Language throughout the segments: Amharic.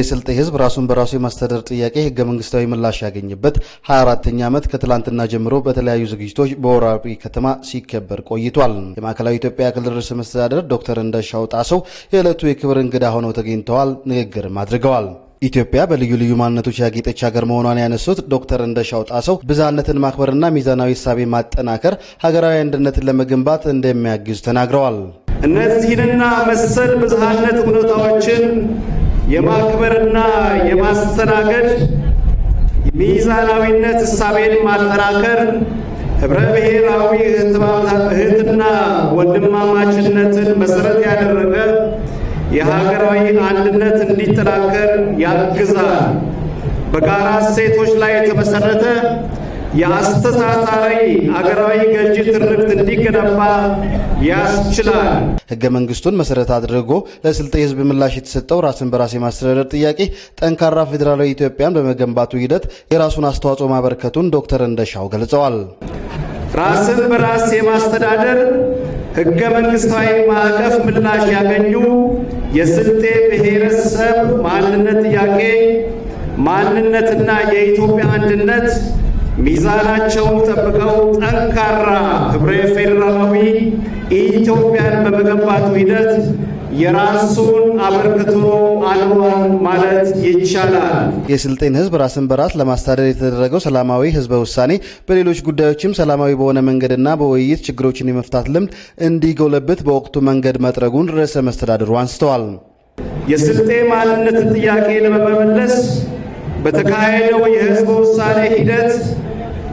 የስልጤ ህዝብ ራሱን በራሱ የማስተዳደር ጥያቄ ህገ መንግስታዊ ምላሽ ያገኘበት 24ተኛ ዓመት ከትላንትና ጀምሮ በተለያዩ ዝግጅቶች በወራቢ ከተማ ሲከበር ቆይቷል። የማዕከላዊ ኢትዮጵያ ክልል ርዕሰ መስተዳደር ዶክተር እንዳሻው ጣሰው የዕለቱ የክብር እንግዳ ሆነው ተገኝተዋል፣ ንግግርም አድርገዋል። ኢትዮጵያ በልዩ ልዩ ማንነቶች ያጌጠች ሀገር መሆኗን ያነሱት ዶክተር እንደሻው ጣሰው ብዝሃነትን ማክበርና ሚዛናዊ እሳቤ ማጠናከር ሀገራዊ አንድነትን ለመገንባት እንደሚያግዙ ተናግረዋል። እነዚህንና መሰል ብዝሃነት ሁኔታዎችን የማክበርና የማስተናገድ ሚዛናዊነት እሳቤን ማጠናከር ህብረ ብሔራዊ እህትና ወንድማማችነትን መሰረት ያደረገ የሀገራዊ አንድነት እንዲጠናከር ያግዛል። በጋራ እሴቶች ላይ የተመሰረተ የአስተሳሳሪ አገራዊ ገዢ ትርክት እንዲገነባ ያስችላል። ህገ መንግስቱን መሰረት አድርጎ ለስልጤ የህዝብ ምላሽ የተሰጠው ራስን በራስ የማስተዳደር ጥያቄ ጠንካራ ፌዴራላዊ ኢትዮጵያን በመገንባቱ ሂደት የራሱን አስተዋጽኦ ማበረከቱን ዶክተር እንደሻው ገልጸዋል። ራስን በራስ የማስተዳደር ህገ መንግስታዊ ማዕቀፍ ምላሽ ያገኙ የስልጤ ብሔረሰብ ማንነት ጥያቄ ማንነትና የኢትዮጵያ አንድነት ሚዛናቸውን ጠብቀው ጠንካራ ህብረ ፌዴራላዊ ኢትዮጵያን በመገንባቱ ሂደት የራሱን አበርክቶ አልዋን ማለት ይቻላል። የስልጤን ህዝብ ራስን በራስ ለማስተዳደር የተደረገው ሰላማዊ ህዝበ ውሳኔ በሌሎች ጉዳዮችም ሰላማዊ በሆነ መንገድና በውይይት ችግሮችን የመፍታት ልምድ እንዲጎለብት በወቅቱ መንገድ መጥረጉን ርዕሰ መስተዳድሩ አንስተዋል። የስልጤ ማንነትን ጥያቄ ለመመለስ በተካሄደው የህዝበ ውሳኔ ሂደት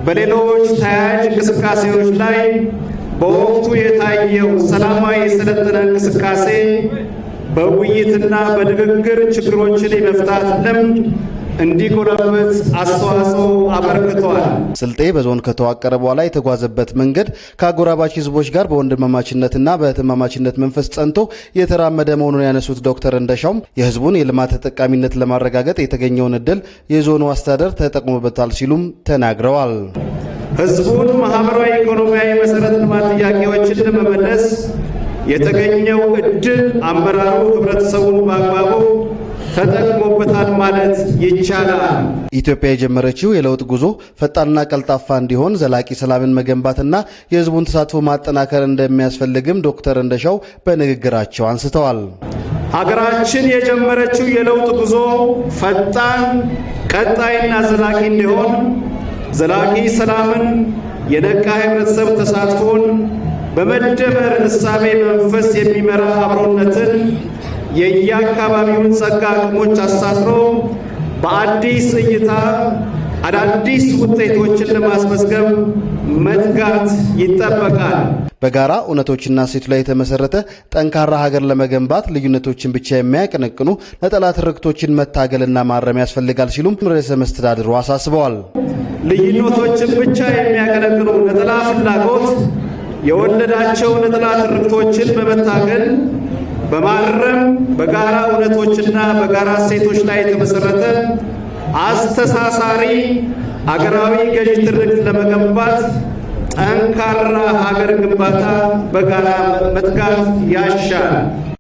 በሌሎች ተያያዥ እንቅስቃሴዎች ላይ በወቅቱ የታየው ሰላማዊ የሰለጠነ እንቅስቃሴ በውይይትና በንግግር ችግሮችን የመፍታት ልምድ እንዲጎለምት አስተዋጽኦ አበርክተዋል። ስልጤ በዞን ከተዋቀረ በኋላ የተጓዘበት መንገድ ከአጎራባች ህዝቦች ጋር በወንድማማችነትና በእህትማማችነት መንፈስ ጸንቶ የተራመደ መሆኑን ያነሱት ዶክተር እንደሻውም የህዝቡን የልማት ተጠቃሚነት ለማረጋገጥ የተገኘውን እድል የዞኑ አስተዳደር ተጠቅሞበታል ሲሉም ተናግረዋል። ህዝቡን ማህበራዊ፣ ኢኮኖሚያዊ መሰረተ ልማት ጥያቄዎችን ለመመለስ የተገኘው እድል አመራሩ ህብረተሰቡን በአግባቡ ተጠቅሞበታል ማለት ይቻላል። ኢትዮጵያ የጀመረችው የለውጥ ጉዞ ፈጣንና ቀልጣፋ እንዲሆን ዘላቂ ሰላምን መገንባትና የህዝቡን ተሳትፎ ማጠናከር እንደሚያስፈልግም ዶክተር እንደሻው በንግግራቸው አንስተዋል። ሀገራችን የጀመረችው የለውጥ ጉዞ ፈጣን ቀጣይና ዘላቂ እንዲሆን ዘላቂ ሰላምን፣ የነቃ ህብረተሰብ ተሳትፎን፣ በመደመር እሳቤ መንፈስ የሚመራ አብሮነትን የየአካባቢውን ጸጋ አቅሞች አሳስሮ በአዲስ እይታ አዳዲስ ውጤቶችን ለማስመዝገብ መትጋት ይጠበቃል። በጋራ እውነቶችና ሴቱ ላይ የተመሰረተ ጠንካራ ሀገር ለመገንባት ልዩነቶችን ብቻ የሚያቀነቅኑ ለጠላት ርክቶችን መታገልና ማረም ያስፈልጋል ሲሉም ርዕሰ መስተዳድሩ አሳስበዋል። ልዩነቶችን ብቻ የሚያቀነቅኑ ለጠላት ፍላጎት የወለዳቸው ለጠላት ርክቶችን በመታገል በማረም በጋራ እውነቶችና በጋራ እሴቶች ላይ የተመሰረተ አስተሳሳሪ አገራዊ ገዥ ትርክት ለመገንባት ጠንካራ ሀገር ግንባታ በጋራ መትጋት ያሻል።